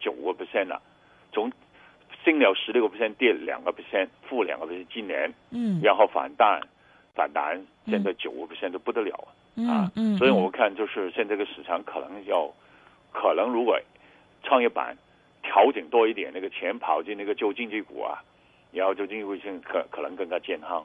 九個 percent 啦，從新了十六個 percent，跌兩個 percent，負兩個 percent，今年，嗯，然後反彈反彈9，現在九個 percent 都不得了、嗯、啊嗯嗯，嗯，所以我看就是現在這個市場可能要，可能如果創業板調整多一點，那個錢跑進那個舊經濟股啊，然後舊經濟股可可能更加健康。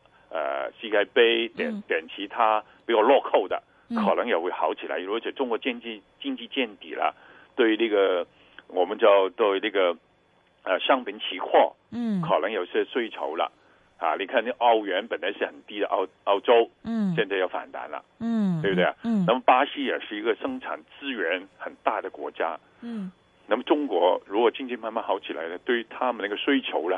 呃，世界杯等等其他比較落後的，嗯、可能也會好起來。如果在中國經濟經濟見底了，對於那，這個我們就對那，這個呃商品期貨，嗯，可能有些需求了。啊，你看那澳元本來是很低的，澳澳洲，嗯，現在又反彈了。嗯，對不對？嗯，那麼巴西也是一個生產資源很大的國家。嗯，那麼中國如果經濟慢慢好起來呢，對於他們那個需求呢